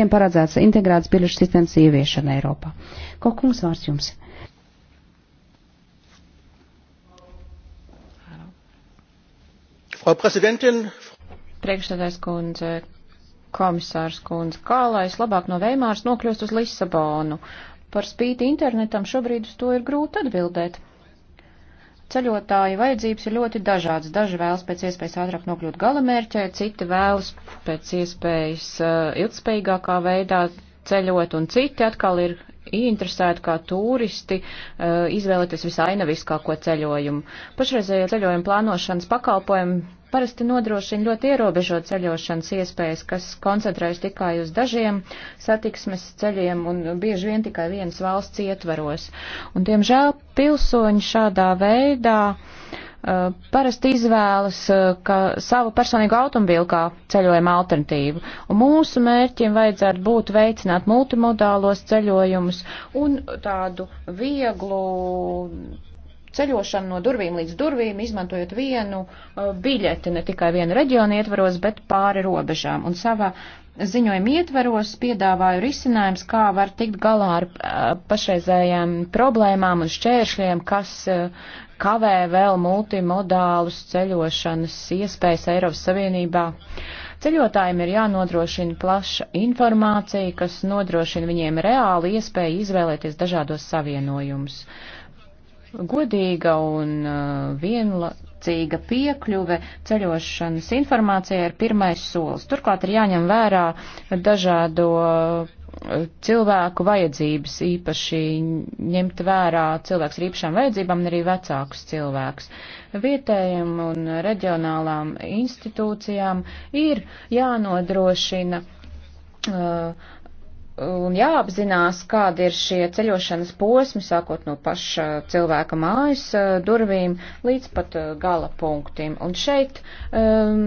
tiem paredzēts integrētas biļešu sistēmas ieviešana Eiropā. Kokungs vārds jums. Frau Präsidentin! Priekšsēdājs kundze, komisārs kundze, kā lai es labāk no Veimāras nokļūst uz Lisabonu? Par spīti internetam šobrīd uz to ir grūti atbildēt. Ceļotāju vajadzības ir ļoti dažādas. Daži vēlas pēc iespējas ātrāk nokļūt galamērķē, citi vēlas pēc iespējas uh, ilgspējīgākā veidā ceļot, un citi atkal ir ieinteresēti kā turisti eh, izvēlēties visainaviskāko ceļojumu. Pašreizējo ceļojumu plānošanas pakalpojumu parasti nodrošina ļoti ierobežot ceļošanas iespējas, kas koncentrējas tikai uz dažiem satiksmes ceļiem un bieži vien tikai vienas valsts ietvaros. Un, diemžēl, pilsoņi šādā veidā Eh, parasti izvēlas eh, ka savu personīgo automobīlu kā ceļojuma alternatīvu. Un mūsu mērķim vajadzētu būt veicināt multimodālos ceļojumus un tādu vieglu ceļošanu no durvīm līdz durvīm, izmantojot vienu eh, biļeti, ne tikai vienu reģionu ietvaros, bet pāri robežām. Un savā ziņojuma ietveros piedāvāju risinājums, kā var tikt galā ar uh, pašreizējām problēmām un šķēršļiem, kas uh, kavē vēl multimodālus ceļošanas iespējas Eiropas Savienībā. Ceļotājiem ir jānodrošina plaša informācija, kas nodrošina viņiem reāli iespēju izvēlēties dažādos savienojumus. Godīga un uh, vienla secīga piekļuve ceļošanas informācijai ir pirmais solis. Turklāt ir jāņem vērā dažādo e, cilvēku vajadzības, īpaši ņemt vērā cilvēks ar īpašām vajadzībām un arī vecākus cilvēkus. Vietējiem un reģionālām institūcijām ir jānodrošina uh, un jāapzinās, kādi ir šie ceļošanas posmi, sākot no paša cilvēka mājas uh, durvīm līdz pat uh, gala punktiem. Un šeit um,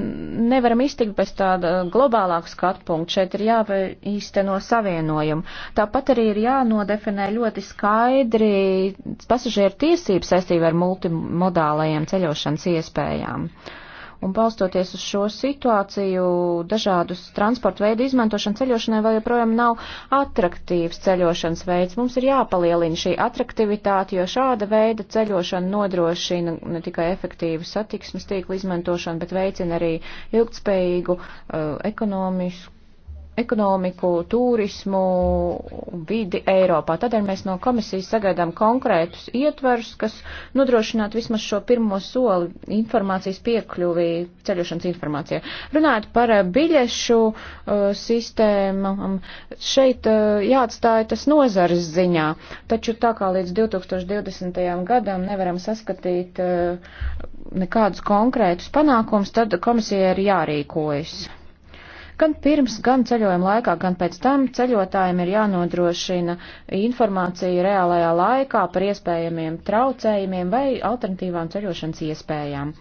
nevaram iztikt bez tāda globālāka skatu punkta, šeit ir jāīsteno savienojumu. Tāpat arī ir jānodefinē ļoti skaidri pasažieru tiesības saistībā ar multimodālajiem ceļošanas iespējām. Uh, Un balstoties uz šo situāciju, dažādus transporta veidu izmantošana ceļošanai vēl joprojām nav atraktīvs ceļošanas veids. Mums ir jāpalielina šī atraktivitāte, jo šāda veida ceļošana nodrošina ne tikai efektīvu satiksmes tīklu izmantošanu, bet veicina arī ilgtspējīgu uh, ekonomisku ekonomiku, turismu, vidi Eiropā. Tādēļ mēs no komisijas sagaidām konkrētus ietvarus, kas nodrošinātu vismaz šo pirmo soli informācijas piekļuvī ceļošanas informācijā. Runājot par eh, biļešu uh, eh, sistēmu, šeit uh, jāatstāja tas nozares ziņā, taču tā kā līdz 2020. gadam nevaram saskatīt uh, nekādus konkrētus panākums, tad komisija ir jārīkojas. Gan pirms, gan ceļojuma laikā, gan pēc tam ceļotājiem ir jānodrošina informācija reālajā laikā par iespējamiem traucējumiem vai alternatīvām ceļošanas iespējām.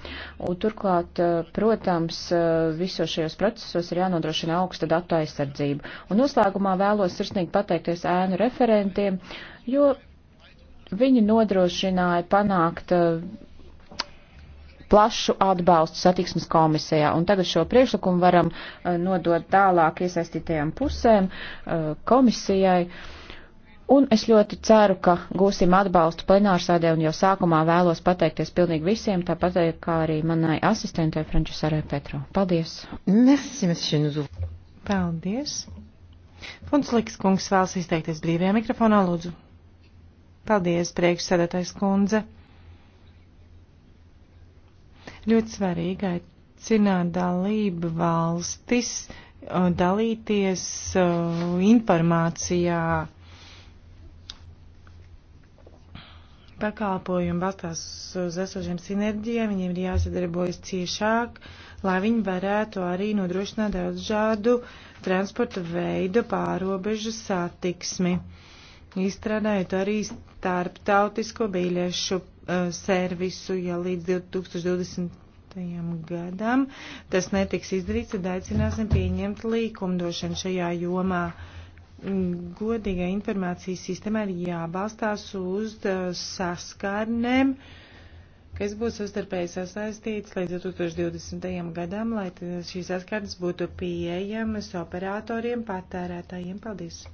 Un, turklāt, eh, protams, eh, visos šajos procesos ir jānodrošina augsta datu aizsardzība. Un noslēgumā vēlos sirsnīgi pateikties ēnu referentiem, jo viņi nodrošināja panākt eh, plašu atbalstu satiksmes komisijā. Un tagad šo priekšlikumu varam eh, nodot tālāk iesaistītajām pusēm eh, komisijai. Un es ļoti ceru, ka gūsim atbalstu plenārsādē un jau sākumā vēlos pateikties pilnīgi visiem, tāpat kā arī manai asistentē Frančisarē Petro. Paldies! Merci, monsieur. Paldies! Fundsliks kungs vēlas izteikties brīvajā mikrofonā, lūdzu. Paldies, priekšsēdētais kundze. Ļoti svarīgi aicināt dalību valstis dalīties informācijā pakalpojumi balstās uz esošiem sinerģiem, viņiem ir jāsadarbojas ciešāk, lai viņi varētu arī nodrošināt dažādu transporta veidu pārobežu satiksmi, izstrādājot arī starptautisko biļešu Eh, servisu, ja līdz 2020 gadam tas netiks izdarīts, tad aicināsim pieņemt līkumdošanu šajā jomā. Mm, Godīgai informācijas sistēmai ir jābalstās uz eh, saskarnēm, kas būs sastarpēji sasaistīts līdz 2020. gadam, lai šīs saskarnes būtu pieejamas operatoriem, patērētājiem. Paldies!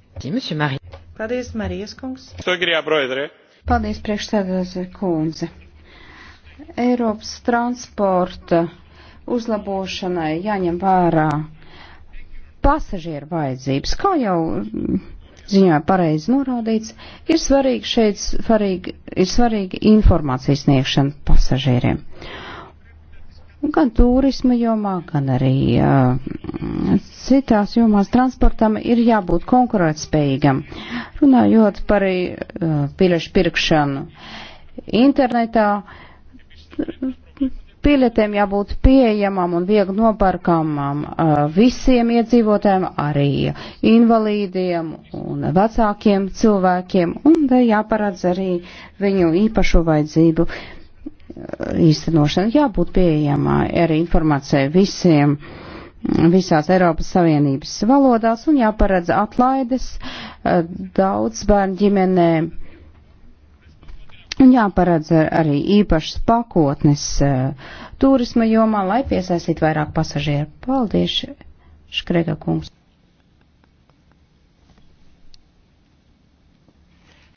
Paldies, Marijas kungs! Stogrijā, brojdre! Paldies, priekšstādātāja kundze. Eiropas transporta uzlabošanai jāņem vērā pasažieru vajadzības, kā jau mm, ziņā pareizi norādīts, ir svarīgi šeit svarīgi, ir svarīgi informācijas sniegšana pasažieriem. Uh, Nu, gan turisma jomā, gan arī uh, citās jomās transportam ir jābūt konkurētspējīgam. Runājot par uh, biļešu pirkšanu internetā, biļetēm jābūt pieejamam un viegli nopērkamam uh, visiem iedzīvotājiem, arī invalīdiem un vecākiem cilvēkiem, un jāparedz arī viņu īpašo vajadzību. Uh, īstenošana. Jābūt pieejamā arī informācija visiem visās Eiropas Savienības valodās un jāparedz atlaides eh, daudz bērnu ģimenēm. Un jāparedz arī īpašas pakotnes eh, turisma jomā, lai piesaistītu vairāk pasažieru. Paldies, Škrega kungs.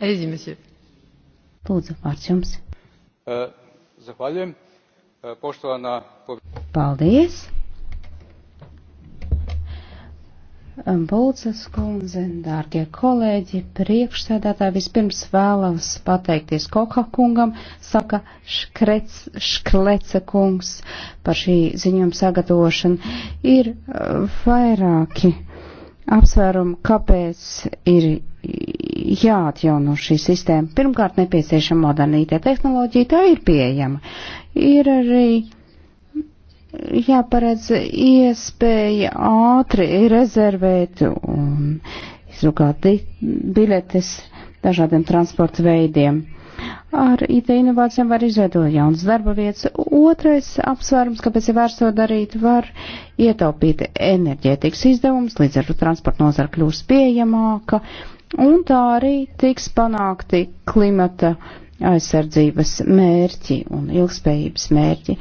Allez-y, monsieur. Lūdzu, vārds jums. Uh. Zahvaljujem. E, poštovana. Paldies. Bulces kundze, dārgie kolēģi, priekšsēdētāji, vispirms vēlos pateikties Koka kungam, saka škrec, Šklece kungs par šī ziņojuma sagatavošanu. Ir e, vairāki apsvērumi, kāpēc ir jāatjauno šī sistēma. Pirmkārt, nepieciešama modernītē tehnoloģija, tā ir pieejama. Ir arī jāparedz iespēja ātri rezervēt un izrukāt biļetes dažādiem transporta veidiem. Ar IT inovācijām var izveidot jaunas darba vietas. Otrais apsvērums, kāpēc ir vērts to darīt, var ietaupīt enerģētikas izdevumus, līdz ar to transporta nozara kļūst pieejamāka, un tā arī tiks panākti klimata aizsardzības mērķi un ilgspējības mērķi.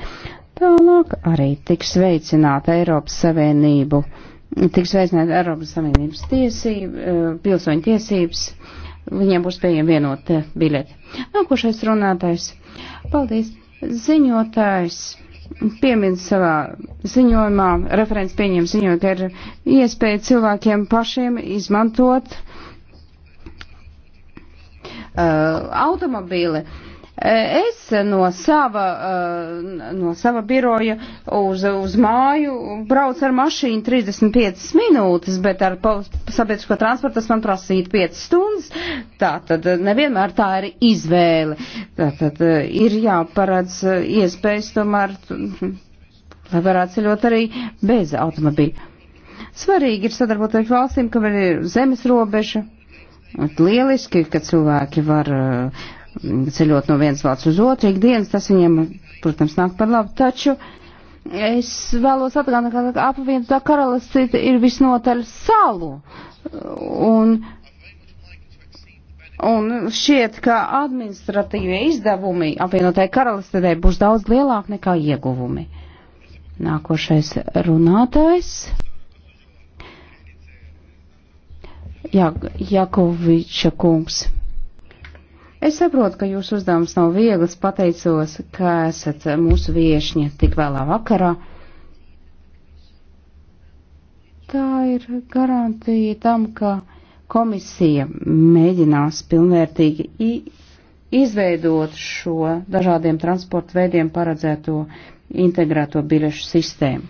Tālāk arī tiks veicināta Eiropas Savienību, tiks veicināta Eiropas Savienības tiesība, eh, pilsoņu tiesības, viņiem būs pieejami vienota eh, biļete. Nākošais runātājs. Paldies. Ziņotājs piemin savā ziņojumā, referents pieņem ziņojumu, ka ir iespēja cilvēkiem pašiem izmantot uh, Uh, automobīli. Uh, es no sava, uh, no sava biroja uz, uz māju braucu ar mašīnu 35 minūtes, bet ar sabiedrisko transportu tas man prasītu 5 stundas. Tā tad nevienmēr tā ir izvēle. Tā tad ir jāparedz iespējas tomēr, mhm, lai varētu ceļot arī bez automobīļa. Svarīgi ir sadarboties valstīm, kam ir zemes robeža, Lieliski, ka cilvēki var eh, ceļot no vienas valsts uz otru ikdienas, tas viņiem, protams, nāk par labu, taču es vēlos atgādināt, ka apvienotā karalisti ir visnotaļ salu. Un Un šķiet, ka administratīvie izdevumi apvienotai karalistē būs daudz lielāki nekā ieguvumi. Nākošais runātājs. Jakoviča kungs. Es saprotu, ka jūsu uzdevums nav viegls, pateicos, ka esat mūsu viešņa tik vēlā vakarā. Tā ir garantija tam, ka komisija mēģinās pilnvērtīgi izveidot šo dažādiem transporta veidiem paredzēto integrēto biļešu sistēmu.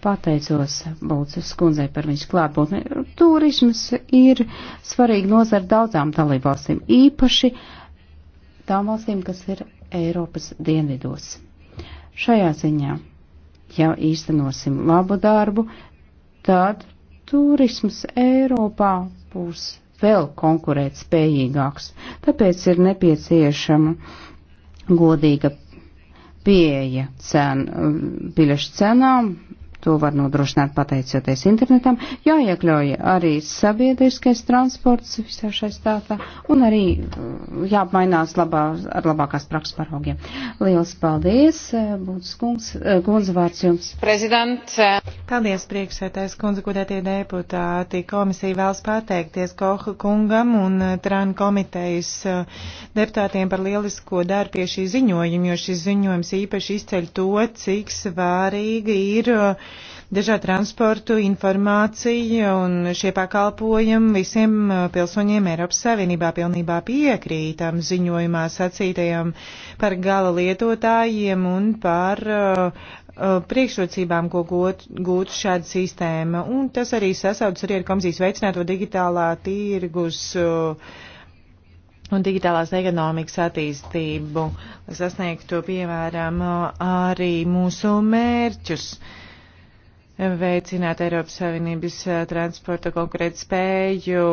Pateicos Bulces kundzei par viņš klātbūtni. Turisms ir svarīgi nozara daudzām dalībvalstīm, īpaši tām valstīm, kas ir Eiropas dienvidos. Šajā ziņā, ja īstenosim labu darbu, tad turisms Eiropā būs vēl konkurēt spējīgāks. Tāpēc ir nepieciešama godīga pieeja cen, biļešu cenām, To var nodrošināt pateicoties internetam, jāiekļauj arī sabiedriskais transports visā šai stātā un arī uh, jāapmainās labā, ar labākās prakses paraugiem. Lielas paldies, uh, būtu skungs, uh, kundze vārds jums. Prezident. Paldies, priekšsētājs kundze, godētie deputāti. Komisija vēlas pateikties Koha kungam un Tran komitejas deputātiem par lielisko darbu pie šī ziņojuma, jo šis ziņojums īpaši izceļ to, cik svarīgi ir dažādu transportu, informāciju un šie pakalpojumi visiem uh, pilsoņiem Eiropas Savienībā pilnībā piekrītam ziņojumā sacītajam par gala lietotājiem un par uh, uh priekšrocībām, ko gūtu šāda sistēma. Un tas arī sasaucas arī ar komisijas veicināto digitālā tirgus uh, un digitālās ekonomikas attīstību, lai sasniegtu, piemēram, arī mūsu mērķus. Uh, veicināt Eiropas Savienības transporta konkurēt spēju,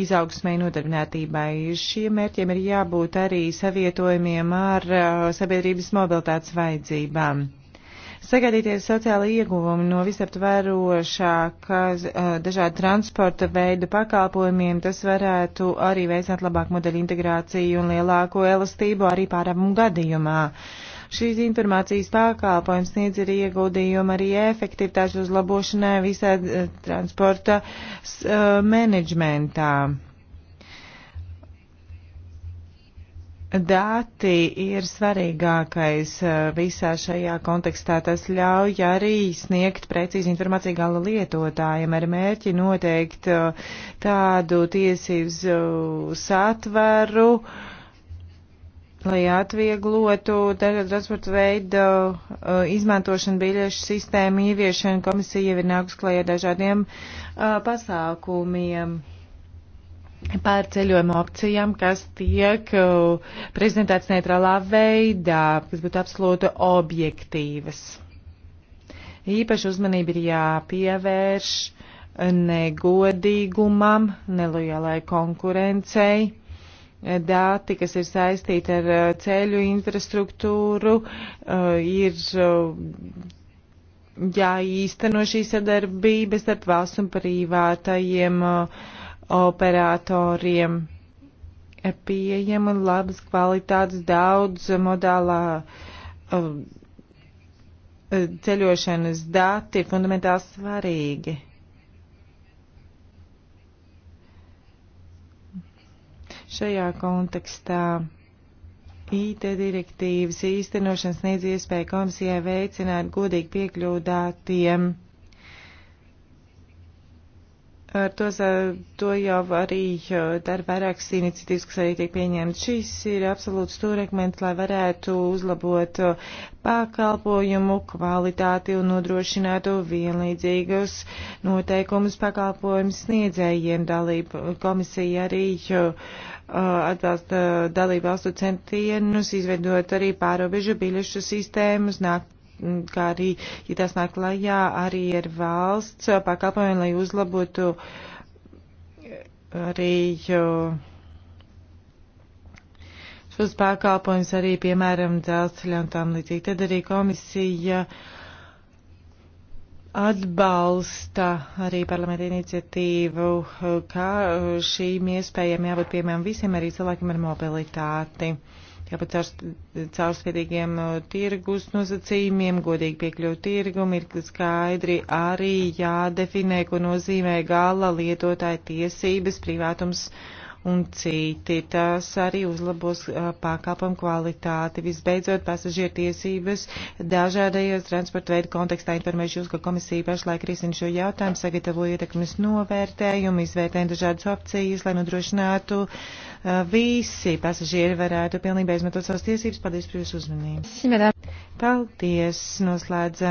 izaugsmai nodarbinātībai. Šiem mērķiem ir jābūt arī savietojumiem ar sabiedrības mobilitātes vajadzībām. Sagaidīties sociāla ieguvuma no visaptvarošākas dažādu transporta veidu pakalpojumiem, tas varētu arī veicināt labāku modeļu integrāciju un lielāko elastību arī pārāvumu gadījumā. Uh, Šīs informācijas pakalpojums sniedz arī ieguldījumu arī efektivitāšu uzlabošanai visā eh, transporta eh, menedžmentā. Dati ir svarīgākais eh, visā šajā kontekstā. Tas ļauj arī sniegt precīzi informāciju gala lietotājiem ar mērķi noteikt tādu tiesības satveru. Uh, lai atvieglotu dažādu transporta veidu uh, izmantošanu biļešu sistēmu ieviešanu, komisija ir nākus klajā dažādiem uh, pasākumiem par ceļojumu opcijām, kas tiek uh, prezentēts neitrālā veidā, kas būtu absolūti objektīvas. Īpaši uzmanība ir jāpievērš negodīgumam, nelojālai konkurencei dati, kas ir saistīti ar eh, ceļu infrastruktūru, eh, ir eh, jāīsteno šī sadarbība starp valsts un privātajiem operatoriem. Pieejama labas kvalitātes daudz modālā ceļošanas dati ir fundamentāli svarīgi. Šajā kontekstā IT direktīvas īstenošana sniedz iespēju komisijai veicināt godīgu piekļuvu datiem. Ar to, to jau arī eh, dar vairākas iniciatīvas, kas arī tiek pieņemtas. Šis ir absolūts stūrekmens, lai varētu uzlabot eh, pakalpojumu kvalitāti un nodrošinātu vienlīdzīgus noteikumus pakalpojumu sniedzējiem. Dalība komisija arī eh, atbalsta dalību valstu centienus izveidot arī pārobežu biļešu sistēmas, nākt kā arī, ja tās nāk klajā, arī ir valsts pakalpojumi, lai uzlabotu arī šos pakalpojumus, arī, piemēram, dzelzceļa un tam līdzīgi. Tad arī komisija atbalsta arī parlamenta iniciatīvu, kā šīm iespējām jābūt piemēram visiem arī cilvēkiem ar mobilitāti. Uh, jāpat caurspēdīgiem uh, tirgus nosacījumiem, godīgi piekļūt tirgumu, ir skaidri arī jādefinē, ko nozīmē gala lietotāja tiesības, privātums un citi. Tas arī uzlabos pakalpojumu kvalitāti. Visbeidzot, pasažieru tiesības dažādajos transporta veidu kontekstā informēšu jūs, ka komisija pašlaik risina šo jautājumu, sagatavo ietekmes novērtējumu, izvērtē dažādas opcijas, lai nodrošinātu visi pasažieri varētu pilnībā izmantot savas tiesības. Paldies par jūsu uzmanību. Paldies. Noslēdzam.